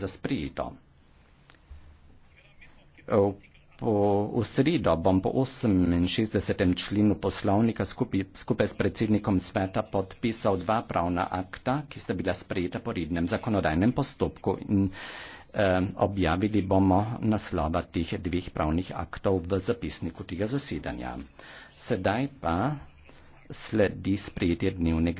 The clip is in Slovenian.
za sprejeto. Po, v sredo bom po 68. členu poslovnika skupaj, skupaj s predsednikom sveta podpisal dva pravna akta, ki sta bila sprejeta po rednem zakonodajnem postopku in eh, objavili bomo naslova teh dveh pravnih aktov v zapisniku tega zasedanja. Sedaj pa sledi sprejetje dnevnega.